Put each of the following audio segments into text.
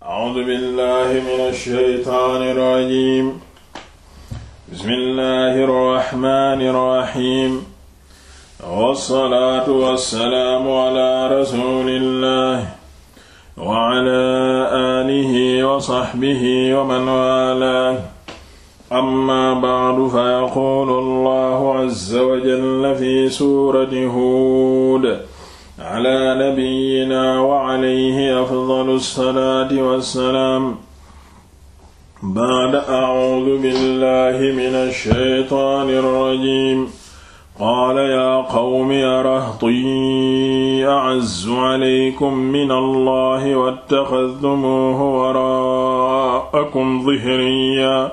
A'uuzu billaahi mina shaytaani rajiim. Bismillaahi rahmaani rahiim. Wa salaatu wa salaamu ala rasuulillaahi wa ala aalihi wa sahbihi wa man waalaahu. Ammaa ba'du fa yaquulu Allaahu azza wa jalla fi suurati Huud. ala nabiyyina wa alayhi afdalu salaati wassalaam ba'da a'uudu billahi mina shaytaani rajiim qaala yaa qawmi arahtii a'azzu alaykum mina Allahi wattaxadtumuuhu waraa'akum zihriyaa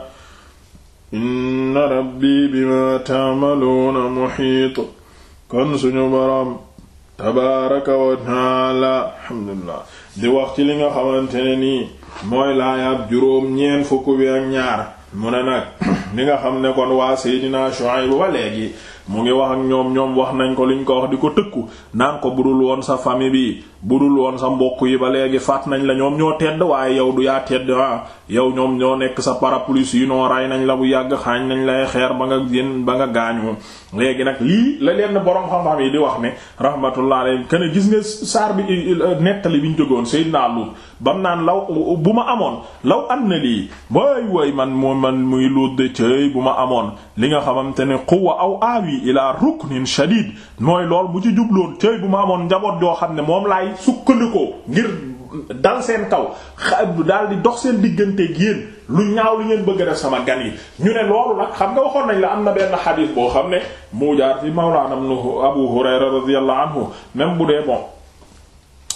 inna rabbii bimaa ta'maluuna muhiit kon suñu boroom tabaaraka wa taala alhamdulillah di wax ci li nga xamante ne nii mooy laayaab juróom ñeent fukk bi ak ñaar mu ne nag li nga xam ne kon waa Seydina Shuayb ba léegi mu ngi wax ak ñoom ñoom wax nañ ko li liñ ko wax di ko tëkku naan ko budul woon sa famille bi budul woon sa mbokk yi ba léegi faat nañ la ñoom ñoo tedd waaye yow du yaa tedd ah yow ñoom ñoo nekk sa parapluie yi noo ray nañ la bu yàgg xaañ nañ lay xeer ba nga yén ba nga gaañu léegi nag lii la leen borom xam-xam yi di wax ne rahmatullah alayhi kene gis nga saar bi nettali bi ñu jógoon naa Luut bam naan law bu ma amoon law am na lii way way man moo man muy Luut de bu ma amoon li nga xamante ne quwwa aw aawi bii ilaa ruknin shadid mooy lool mu ci jubloon tey bu ma amoon njaboot joo xam ne moom laay sukkandikoo ngir dal seen kaw dal di dox seen digganteeg yéen lu ñaaw lu ngeen bëgg a def sama gan yi ñu ne loolu nag xam nga waxoon nañ la am na benn xadiis boo xam ne mu jaar ci mawlaana Abu Hurayra radiyallahu anhu même bu dee bon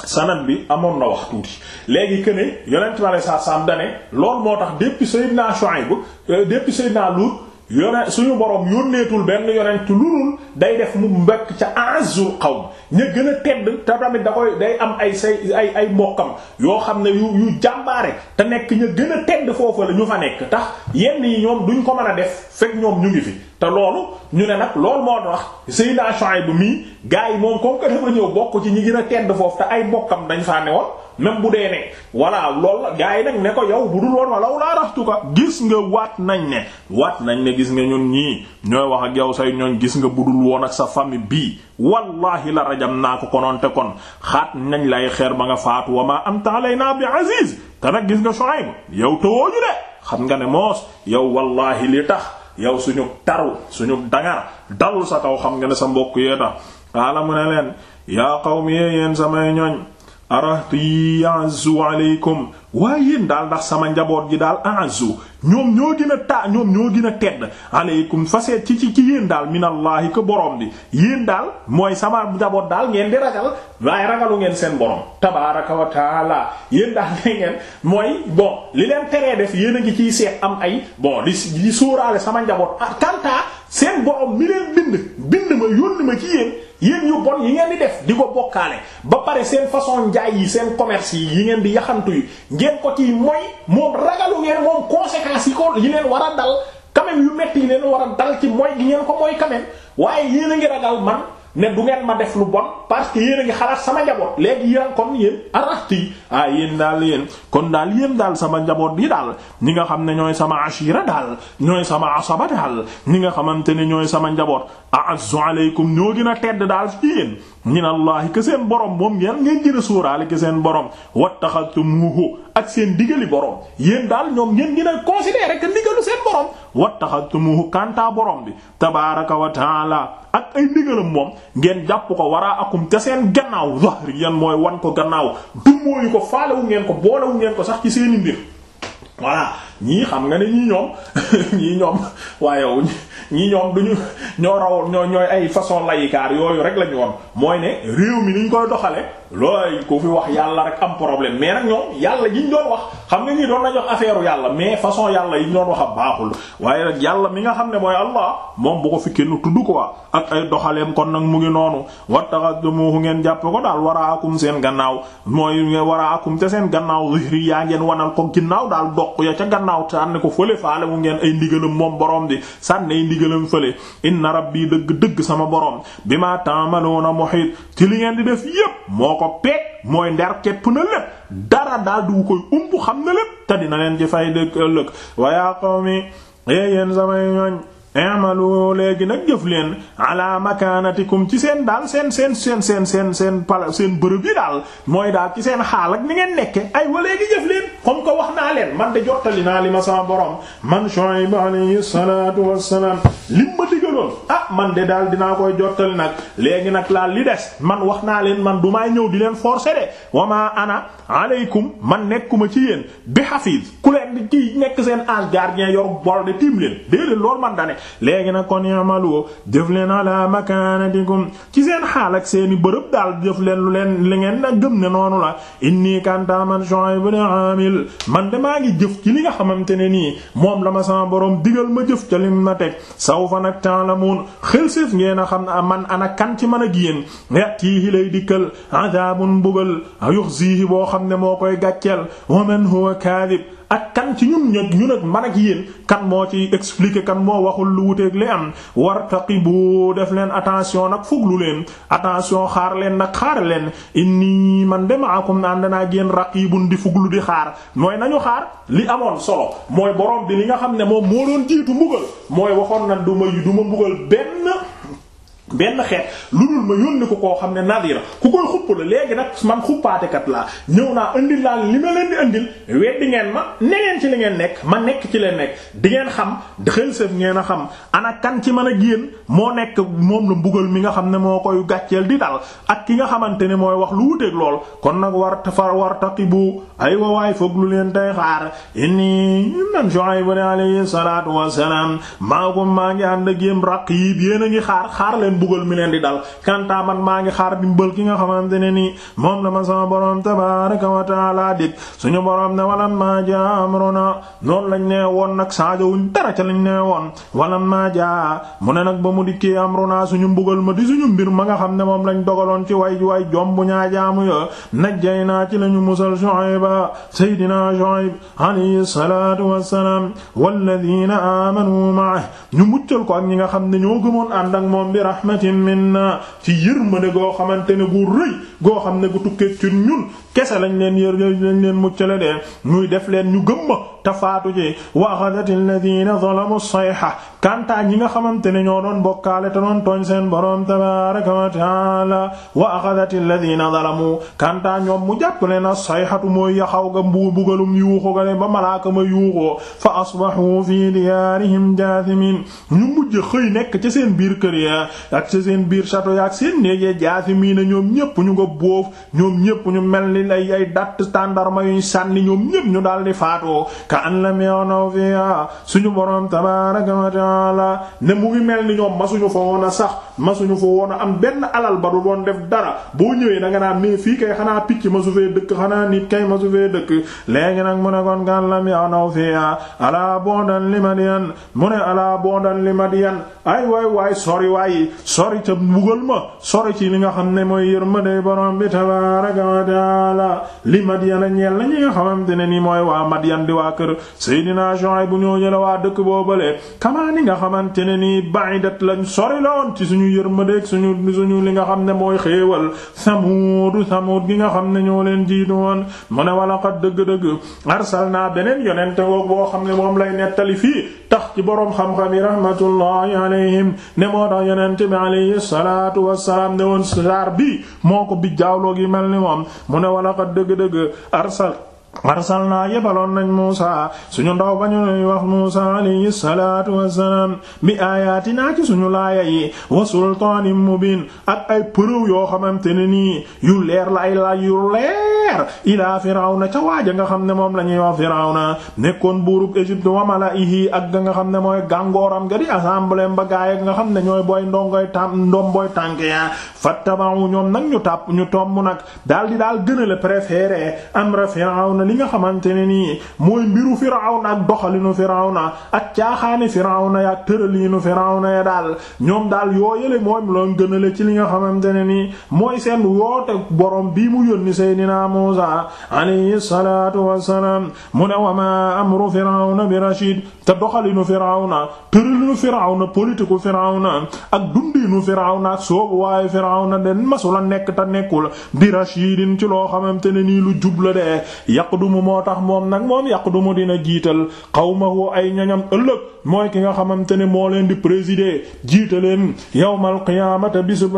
sanad bi amoon na wax tuuti léegi que ne yonent bi sallallahu alayhi wasallam dane loolu moo tax depuis Sayyidina Shuayb euh, depuis Sayyidina Lut yone suñu borom yónneetul benn yonent lulul day def mu mbekk ca azul xaw ña gën a tedd te tamit da koy day am ay say ay ay mbokkam yoo xam ne yu yu jàmbaare te nekk ña gën a tedd foofu la ñu fa nekk tax yenn yi ñoom duñ ko man a def fekk ñoom ñu ngi fi te loolu ñu ne nag loolu moo tax Seydina Shuayb bu mii gars yi moom comme que dafa ñëw bokk ci ñi gën a tedd foofu te ay bokkam dañ faa ne woon même bu dee ne voilà lool la gars yi nag ne ko yow bu dul woon wala wala raxtuka nga waat nañ ne waat nañ ne gis nga ñun ñii ñooy wax yow say ñooñ gis nga budul woon ak sa famille bii wallahi la rajam naa ko konoon te kon xaat nañ lay xeer ba nga faatu wa ma am taalay naa bi aziz te nag gis nga Shuayb yow tawooju de xam nga ne moos yow wallahi li tax yow suñu taru suñu dangar dalul sa kaw xam nga ne sa mbokk yee tax la mu ne leen yaa qawmi yee yéen samay ñoñ arahti ya'zu aleykum waaye yéen daal ndax sama njaboot gi daal a'zu ñoom ñoo gën a taa ñoom ñoo gën a tedd aleykum faseet ci ci ci yéen daal minallaahi ko boroom bi yéen daal mooy sama njaboot daal ngeen di ragal waaye ragalu ngeen seen borom tabaaraka wa taala daal ne ngeen mooy bon li leen teree def yéen a ngi ciy seet am ay bon di di sama njaboot ah kanta seen borom mi leen bind bind ma yónni ma ci yéen. yéen yu bon yi ngeen di def di ko bokkaale ba pare seen façon njaay yi seen commerce yi yi ngeen di yaxantu yi ngeen ko ci mooy moom ragalu ngeen moom conséquences yi ko yi leen war a dal quand yu metti yi leen war a dal ci mooy gi ngeen ko mooy quand même waaye yéen a ngi ragal man ne du ngeen ma def lu bon parce que yéen a ngi xalaat sama njaboot léegi yéen kon yéen arrêté yi ah yéen daal yéen kon daal yéen daal sama njaboot bi daal ñi nga xam ne ñooy sama ashira daal ñooy sama asaba daal ñi nga xamante ne ñooy sama njaboot a'azzu alaykum ñoo gën a tedd daal ci yéen min allahi ke seen borom moom ngeen ngeen gën a sóoraale ke seen borom wattaxaltumuhu ak seen digali borom yéen daal ñoom ngeen gën a wattaxadtumuhu kanta borom bi tabaaraka wa taala ak ay ndigalam moom ngeen jàpp ko waraa akum ca seen gannaaw zahriyan mooy wan ko gannaaw du mooyu ko faalewu ngeen ko boolewu ngeen ko sax ci seeni mbir voilà ñii xam nga ne ñii ñoom ñii ñoom waaye ñii ñoom duñu ñoo rawoon ñoo ñooy ay façon layikaar yooyu rek lañu woon mooy ne réew mi niñ koy doxale looy ku fi wax yàlla rek am problème mais nag ñoom yàlla yiñ doon wax xam nga ñii doon la jox yàlla mais façon yàlla yiñ doon wax a baaxul waaye yàlla mi nga xam ne mooy allah moom bu ko fi kenn ko waa ak ay kon nag mu ngi noonu wattaxadumuhu ngeen jàpp ko daal waraakum seen gannaaw mooy ngeen waraakum te seen gannaaw zihri yaa ngeen wanal ko ginnaaw daal doq ya ca gannaaw sànni ko fële faale mu ngeen ay ndigalam moom borom bi sànni ay ndigalam fële inna rabbi dëgg dëgg sama borom bi ma ta'maluna muhit ci li ngeen di def yépp ko peeg mooy nder képp na lépp dara daal du koy ump xam na lépp te dina leen ci fay dëkk ëllëg wa yaa qawmi yéen samay ñoñ i'malu léegi nag jëf leen ala makanatikum ci seen daal seen seen seen seen seen seen pala seen bërëb yi daal mooy daal ci seen xaal ak ni ngeen nekke ay wa léegi jëf leen comme ko wax naa leen man de jottali naa li ma sama borom man Shuayb alayhi salaatu wassalaam lim ma digaloon ah man de daal dinaa koy jottali nag léegi nag laal li des man wax naa leen man du maay ñëw di leen forcer de wama ana aleykum man nekkuma ci yéen bi hafiz ku leen di nekk seen ange gardien yor bor de tiim leen déedéet loolu man dane léegi nag kon yamalu jëf leen ala makaanatikum ci seen xaal ak seeni bërëb daal jëf leen lu leen li ngeen a gëm ne noonu la inni kanta man Shuayb ibn Amil man de maa ngi jëf ci li nga xamante ne nii moom la ma sama borom digal ma jëf ca lim na teg sawfa nag ta'lamun xel séef ngeen a xam na man ana kan ci mën a giyéen yatiihi lay dikkal adabun mbugal yuxzihi boo xam ne moo koy gàcceel wa huwa kadib ak kan ci ñun ñëpp ñun ak man ak yéen kan moo ci expliquer kan moo waxul lu wuteeg li am bu def leen attention nag fuglu leen attention xaar leen nag xaar leen inni man de ma'akum naan danaa génn raqibun di fuglu di xaar mooy nañu xaar li amoon solo mooy borom bi li nga xam ne moom moo doon jiitu mbugal mooy waxoon na du ma du ma mbugal benn. benn xeet lu dul ma yónni ko koo xam ne nadira ku koy xupp la léegi nag man xuppaatekat la ñëw naa indil laa li ma leen di indil weddi ngeen ma ne ci li ngeen nekk ma nekk ci leen nekk di ngeen xam dëxël sëf ngeen a xam ana kan ci mën a génn moo nekk moom la mbugal mi nga xam ne moo koy gàcceel di dal ak ki nga xamante ne mooy wax lu wuteeg lool kon nag war fa war taqibu ay wawaay foog lu leen tey xaar inni man Shuayb alayhi salaatu wassalaam maakum maa ngi ànd ak yéen raqib yéen a ngi xaar xaar mbugal mi leen di dal kantaa man maa ngi xaar dimbal ki nga xamante ne nii moom la ma sama borom tabaaraka wa taala dik suñu borom ne walam maa jaa amruna noonu lañ nee woon nag saajowuñ dara ca lañ nee woon walam maa jaa mu ne nag ba mu dikkee amruna suñu mbugal ma di suñu mbir ma nga xam ne moom lañ dogaloon ci way way jom bu ñaa jaamu yo najjay naa ci lañu musal Shuayba sayidina Shuayb alayhi salaatu wassalaam walladina amanu ma'ahu ñu muccal ko ak ñi nga xam ne ñoo gëmoon ànd ak moom rahmatin minna ci yërmande goo xamante ne gu rëy goo xam ne gu tukkee ci ñun kese lañ leen yër lañ leen muccale de muy def leen ñu gëm ma te faatu ji wa axadati alladina zalamu sayha kantaa ñi nga xamante ne ñoo doon bokkaale te doon tooñ seen boroom tabaraka wa taala wa axadati alladina zalamu kantaa ñoom mu jàpp leen as-sayhatu mooy yaxaw ga bugalum yuuxu ga ne ba malaaka ma yuuxoo fa asbahu fi diyaarihim jaathimin ñu mujj xëy nekk ci seen biir kër ya ak ci seen biir château ya ak seen néeg ya jaathimina ñoom ñépp ñu nga boof ñoom ñépp ñu mel ni ay ay datt tàndarma yuñ sànni ñoom ñépp ñu daldi faatoo ka an lam suñu boroom tabaaraka wa ta'ala ne mu ngi mel ni ñoom sax masuñu fa woon am benn alal ba du def dara boo ñëwee nga naan mais fii kay xanaa picc masu fee dëkk xanaa nit kay masu fee dëkk léegi nag mu ne kon ka an alaa bondan li madiyan mu ne alaa bondan li madiyan ay waay waay sori waay sori ca mbugal ma sori ci li nga xam ne mooy yërmande boroom bi tabaaraka wa ta'ala li madiyan ñeel na ñi nga xamante ne nii mooy waa madiyan di waa kër Seydina Shuayb bu ñoo ñële waa dëkk boobalee kamaa ni nga xamante ne nii ba'idat lañ sori loon ci suñu yërmandeeg suñu suñu li nga xam ne mooy xéewal Samuud Samuud gi nga xam ne ñoo leen jiitu woon mu ne wala xat dëgg-dëgg arsalnaa beneen yonente woo boo xam ne moom lay nettali fii tax ci boroom xam-xam yi rahmatullahi alayhim ne moo tax yonente bi alayhi salaatu wassalaam ne woon saar bi moo ko bi jaawloogi mel ni moom mu ne wala xat dëgg-dëgg arsal arsalnaa yebaloon nañ Muusaa suñu ndaw ba ñu lay wax Muusaa alayhi salaatu wassalaam bi aayaatinaa ci suñu laaya yi wa sultaanin mubiin ak ay preuve yoo xamante ne nii yu leer la ay laaj yu leer leer ilaa firawna ca waaja nga xam ne moom la ñuy wax firawna nekkoon buurub Égypte wa malaihi ak nga xam ne mooy gàngooram ga di assemblée ba gaay nga xam ne ñooy booy ndongoy tam ndomboy tànk ya fattabahu ñoom nag ñu tàpp ñu tomb nag daal di daal gën a la préféré amra firawna li nga xamante ne nii mooy mbiru firawna ak doxalinu firawna ak caaxaani firawna ya ak tëraliinu na ya daal ñoom daal yooyale moom loon gën a la ci li nga xamante ne nii mooy seen woote borom bii mu Muusa alayhi salaatu wassalaam mu ne wa maa amru firawna bi rashid te doxalinu firawna tëralinu firawna politiku firawna ak dundinu firawna ak soobu waaye firawna den masula nekk te nekkul bi rashidin ci loo xamante ne nii lu jubla de yaqdumu moo tax moom nag moom yaqdumu dina jiital qawmahu ay ñañam ëllëg mooy ki nga xamante ne moo leen di présider jiitaleen yawmal qiyaamata bisu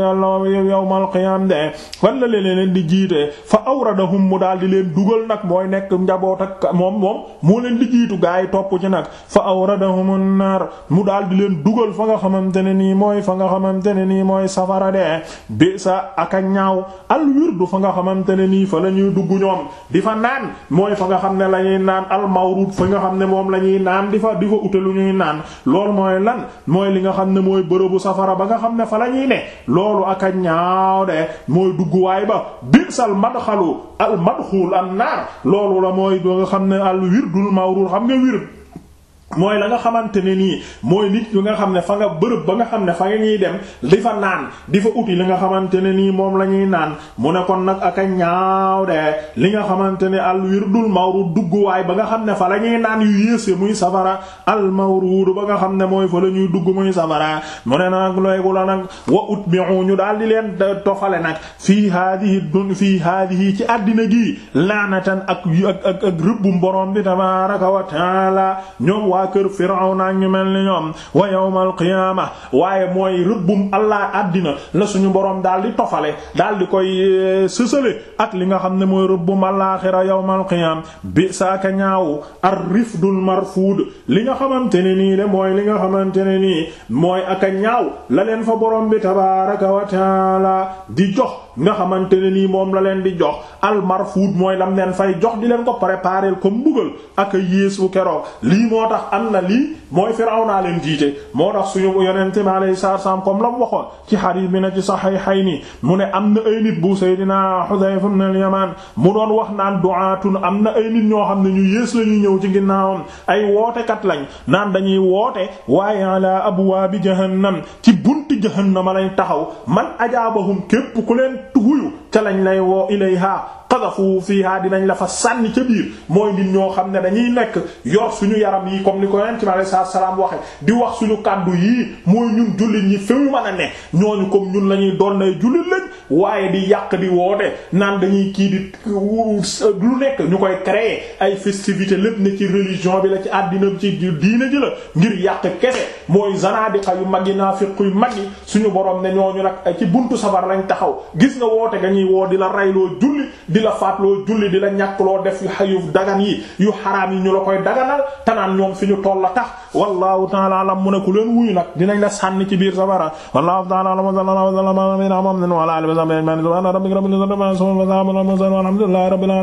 yawmal qiyaam de walla leen di jiite fa awradahu lahum mu daal di leen dugal nag mooy nekk njaboot ak moom moom moo leen di gaa yi topp ci nag fa awradahum an naar mu daal di leen dugal fa nga xamante ne nii mooy fa nga xamante ne nii mooy safara de bi sa ak a ñaaw al wirdu fa nga xamante ne nii fa la dugg ñoom di fa naan mooy fa nga xam ne la ñuy naan al fa nga xam ne moom la ñuy naan di fa di fa ute lu ñuy naan loolu mooy lan mooy li nga xam ne mooy bërëbu safara ba nga xam ne fa la ne loolu ak a ñaaw de mooy dugguwaay ba bi sal madxalu al madxul an naar loolu la mooy doo nga xam ne al wirdul mawrur xam nga wird mooy la nga xamante ne nii mooy nit ñu nga xam ne fa nga bërëb ba nga xam ne fa nga ñuy dem di fa naan di fa uti li nga xamante ne nii moom la ñuy naan mu ne kon nag ak a ñaaw de li nga xamante ne al wirdul mawrud dugguwaay ba nga xam ne fa la ñuy naan yu yéese muy sabara al mawrud ba nga xam ne mooy fa la ñuy dugg muy safara mu ne nag loyku la nag wa utbi'u ñu daal di leen tofale nag fii haadihi dun fii haadihi ci àddina gii laanatan ak ak ak rëbbum borom bi tabaaraka wa waa kër Firawna ñu mel ni ñoom wa yawmal waaye mooy rëbbum allah àddina la suñu boroom daal di tofale daal di koy e, sësale ak li nga xam ne mooy rëbbum alaaxira yawmal qiyaam bi saaka ñaawu ar-rifdul marfuud li nga xamante ne nii de mooy li nga xamante ne nii mooy ak a ñaaw la leen fa boroom bi tabaaraka wa di jox nga xamante ne nii moom la leen di jox almarfuud mooy lam leen fay jox di leen ko préparer comme mbugal ak yées bu keroog lii moo tax am na lii mooy Firawna leen jiite moo tax suñu yonente mi alayhi salaatu salaam la mu waxoon ci xadiis bi na ci Sahihayni mu ne am na ay nit bu Seydina Hudayfa ibn al-Yaman mu doon wax naan du'atun am na ay nit ñoo xam ne ñu yées la ñuy ñëw ci ginnaawam ay wootekat lañ naan dañuy woote waaye ala abwaabi jahannam ci bunti jahannama lañ taxaw man ajaabahum képp ku leen tuxuyu ca lañ lay woo ilayha qadafu fiha dinañ la fa sànni ca biir mooy nit ñoo xam ne dañuy nekk yor suñu yaram yi comme ni ko yonent bi alayhi salaam waxe di wax suñu kàddu yii mooy ñun jullit ñi fi mu mën ne ñooñu comme ñun la ñuy doon nay jullit lañ waaye di yàq di woote naan dañuy kii di lu nekk ñu koy créer ay festivité lépp ni ci religion bi la ci àddina bi ci diina ji la ngir yàq kese mooy zanadiqa yu mag yi naa naafiq yu mag yi suñu borom ne ñooñu nag ci buntu safar lañ taxaw gis nga woote nga di la rayloo di la faatloo julli di la ñàkkloo def yu xayuf dagan yi yu xaraam yi ñu la koy daganal tanaan ñoom fi ñu toll la tax wallahu ta'ala alam mu ne ku leen wuyu nag dinañ la sànni ci biir safara wallahu ta'ala alam sallallahu alayhi wa sallam